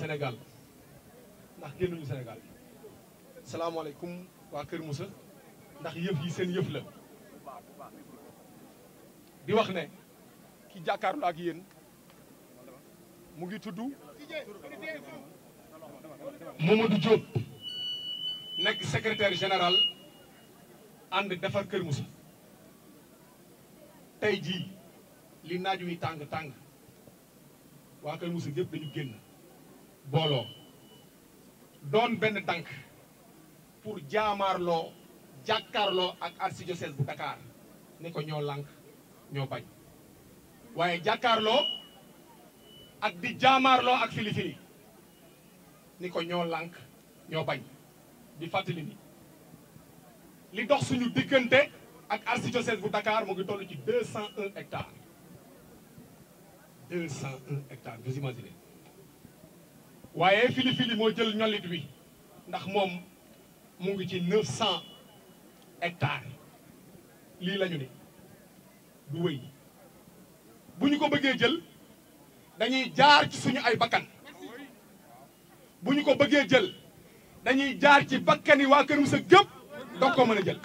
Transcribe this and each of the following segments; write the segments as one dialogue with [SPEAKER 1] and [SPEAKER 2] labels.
[SPEAKER 1] senegal ndax génnuñu Sénégal salaamaaleykum waa Kër Moussa ndax yëf yi seen yëf la di wax ne ki jàkkaarloo ak yéen mu ngi tudd Mamadou Diop nekk secretaire général ànd defar Kër Moussa tey jii li naaj wi tàng-tàng waa Kër Moussa yëpp dañu génn Bolo, donne ben pour jamarlo jakarlo ak archidiocèse bu Dakar ne ko ñoo lank ñoo bañ waye jakarlo ak di jaamaarloo ak filifili ni ko ñoo lank ñoo bañ di li dox suñu ak Dakar hectares 201 hectares vous imaginez waaye fili fili moo jël ñolit wi ndax moom mu ngi ci neuf cent hectares lii lañu ni du wëy bu ñu ko bëggee jël dañuy jaar ci suñu ay bakkan bu ñu ko bëggee jël dañuy jaar ci bakkani waa Kër Moussa gépp dog ko mën a jël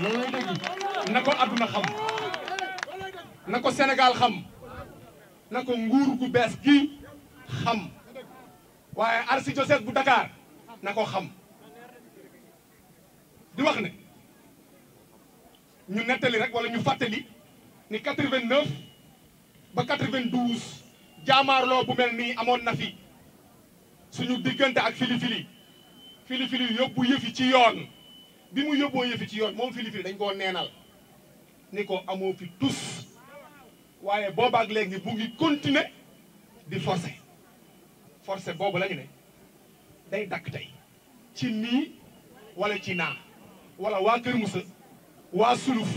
[SPEAKER 1] loolu na ko àdduna xam na ko Sénégal xam na ko nguur gu bees gi xam waaye archidiocèse bu Dakar na ko xam di wax ne ñu nettali rek walla ñu fàttali ni 89 ba 92 jaamaarloo bu mel nii amoon nafi fi suñu diggante ak filifili filifili yóbbu yëfi ci yoon bi mu yóbboo yëfi ci yoon moom filifili dañ koo neenal ni ko amoo fi tus waaye boobaak léegi bu ngi continuer di forcer forcé bobu lañu né day dak tay ci ni wala ci na wala wa keur Moussa wa Suluf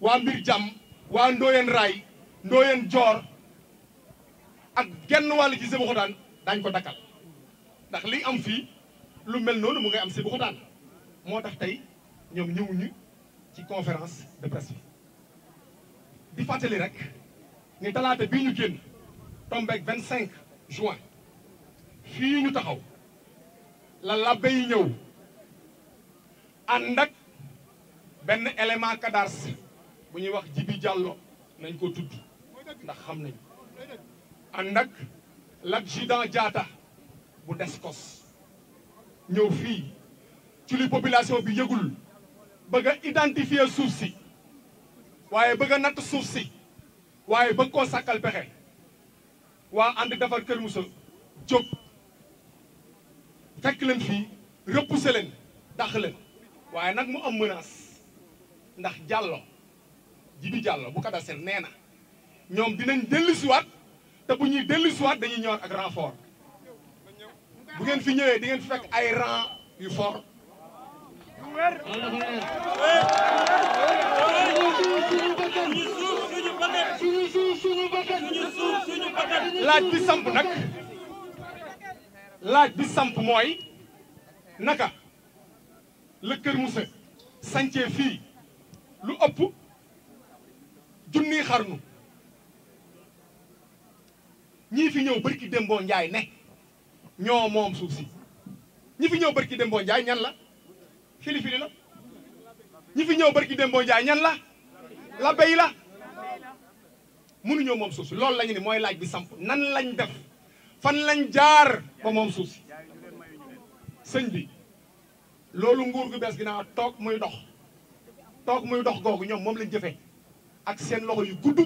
[SPEAKER 1] wa Mbir jam wa ndoyen ray ndoyen jor ak genn wàll ci Sébikotane dañ ko dakal ndax li am fi lu mel nonu mu ngay am Sébikotane moo tax tey ñoom ñëwuñu ci conférence de presse di fàttali rek ni talata bii ñu génn tombeeg 25 juin fii ñu taxaw la labbe ñëw ànd benn élément cadars bu ñuy wax Jibi Jàllo nañ ko tudd ndax xam nañ ànd ak l'adjudant jaata bu Descos ñëw fii ci li population bi yëgul bëgg a identifier suuf si waaye bëgg a natt suuf si waaye bëgg koo sàkkal pexe waa ànd defar Kër Moussa jóg fekk leen fii repousser leen dàq leen waaye nag mu am menace ndax jàllo jibi jàllo bu kadasel nee na ñoom dinañ dellusiwaat te bu ñuy dellusiwaat dañuy ñëwaat ak renfort bu ngeen fi ñëwee di ngeen fi fekk ay rang yu fort laaj bi samp nag laaj bi samp mooy naka la Kër Moussa sancee fii lu ëpp junniy xarnu ñii fi ñëw barki Njaay ne ñoo moom suuf si ñi fi ñëw barki Dembo Njaay ñan la filifili la ñi fi ñëw barki Dembo Njaay ñan la la béy la mënuñoo moom suuf si loolu la ñu mooy laaj bi samp nan lañ def fan lañ jaar ba moom suuf si sëñ bi loolu nguur gu bees gi naa toog muy dox toog muy dox googu ñoom moom lañ jëfee ak seen loxo yu gudd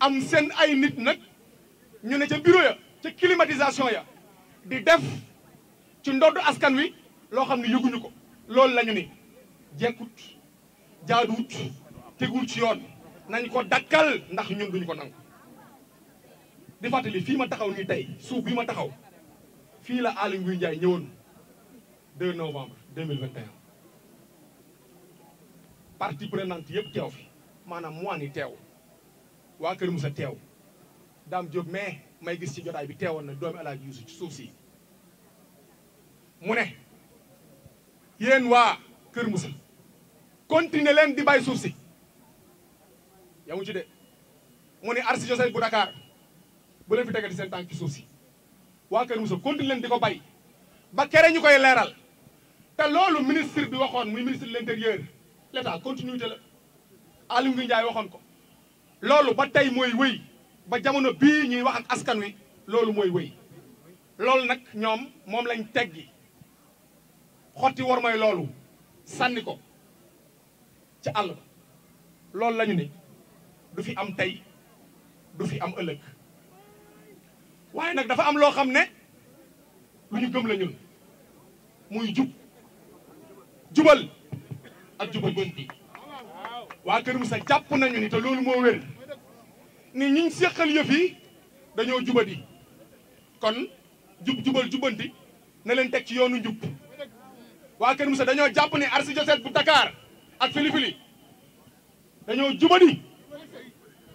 [SPEAKER 1] am seen ay nit nag ñu ne ca bureau ya ca climatisation ya di def ci ndodd askan wi loo xam ne yëguñu ko loolu lañu ni jekkut jaaduwut tegul ci yoon nañ ko dakkal ndax ñun duñu ko nangu di fàttali fii ma taxaw nii tey suuf bi ma taxaw fii la Aly Ngouille Ndiaye ñëwoon 2 novembre 2021 partie prenante yëpp teew fi maanaam moine yi teew waa Kër Moussa teew daam Diop mais may gis ci jotaay bi teewoon na doomi El Hadj Youssou ci suuf si mu ne yéen waa Kër Moussa continuer leen di bay suuf si yamu ci de mu ne Arsi Joseph bu dakaar bu leen fi tegati seen tànk ci suuf si waa Kër Moussa continue leen di ko bari ba kere ñu koy leeral te loolu ministre bi waxoon muy ministre de l'intérieur l'état continuité la Aly Ngouille Ndiaye waxoon ko loolu ba tey mooy wéy ba jamono bii ñuy wax ak askan wi loolu mooy wéy loolu nag ñoom moom lañ teggi xotti wor mooy loolu sànni ko ci àll loolu la ñu ne du fi am tey du fi am ëllëg waye nak dafa am lo xamne ne lu ñu gëm la ñun muy jub jubal ak gonti wa keur musa japp nañu ni te loolu mo wër ni ñiñ séqal yëf yi dañoo jubadi kon jub jubal jubanti na leen tek ci yoonu njub wa keur musa dañoo japp ni archidiocèse bu Dakar ak filifili dañoo jubadi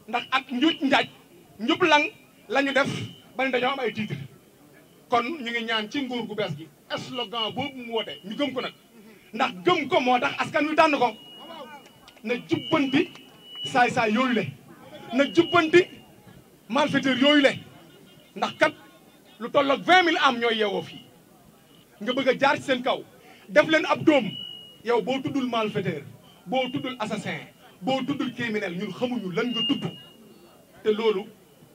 [SPEAKER 1] ndax ak nyut njaaj njub lang lañu def ma ne dañoo am ay titre kon ñu ngi ñaan ci nguur gu bees gi slogan boobu mu woote ñu gëm ko nag ndax gëm ko moo tax askan wi tànn ko na jubbanti saay-saay yooyu le na jubbanti malfaiteur yooyu le ndax kat lu tolloog vingt mille am ñooy yeewoo fii nga bëgg a jaar ci seen kaw def leen ab doom yow boo tuddul malfaiteur boo tuddul assassin boo tuddul criminel ñun xamuñu lan nga tudd te loolu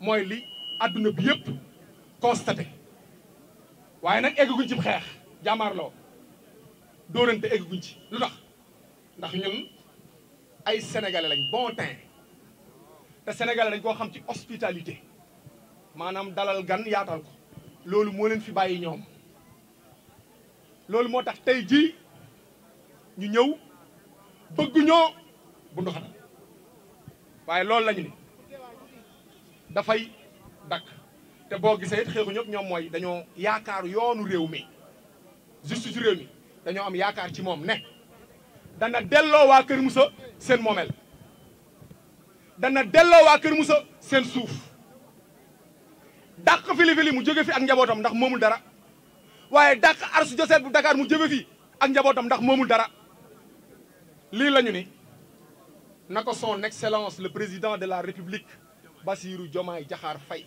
[SPEAKER 1] mooy li adduna bi yëpp constaté waaye nag eggaguñ ci xeex jàmmaarloo dóorante eggaguñ ci lu tax ndax ñun ay sénégalais lañ bon teint te sénégalais dañ koo xam ci hospitalité maanaam dalal gan yaatal ko loolu moo leen fi bàyyi ñoom loolu moo tax tey jii ñu ñëw bëgg ñoo bu ndoxatal waaye loolu lañ ni dafay dakk te bo gisee it dañoo yoonu réew justice réew dañoo am yaakaar ci ne dana dello wa Kër seen momel dana dello wa Kër seen suuf Dak fili-fili mu fi ak njabotam ndax dara waye dak arsu bu Dakar mu fi ak njabotam ndax dara li la ni son excellence le président de la république Bassirou Diomaye Diakhar Faye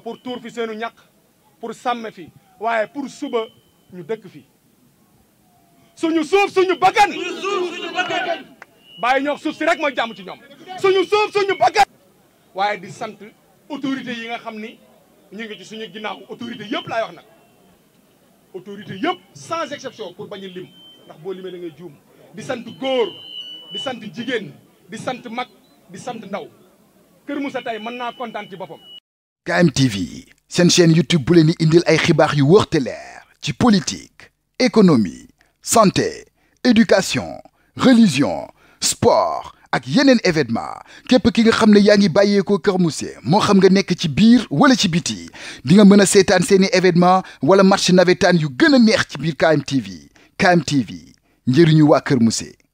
[SPEAKER 1] pour tuur fi seenu ñaq pour sàmm fi waaye pour suba ñu dëkk fi suñu suuf suñu bakkan bàyyi ñoo suuf si rek mooy jàmm ci ñoom suñu suuf suñu bakkan waaye di sant autorité yi nga xam ni ñu ngi ci suñu ginnaaw autorité yëpp laay wax nag autorité yëpp sans exception pour bañ a lim ndax boo limee da ngay juum di sant góor di sant jigéen di sant mag di sant ndaw Kër Moussa tey mën naa kontaan ci boppam KMTV c'est une chaîne YouTube bu leen indil ay xibaar yu wërté lèr ci politique économie santé éducation religion sport ak yenen événement képp ki nga xamné ne yaa ngi bàyyeekoo Kër Mousse moo xam nga nek ci biir wala ci biti di nga mëna sétane séni seeni événement wala match navétane yu gëna neex ci biir KMTV KMTV ñëriñu wa Kër Mousse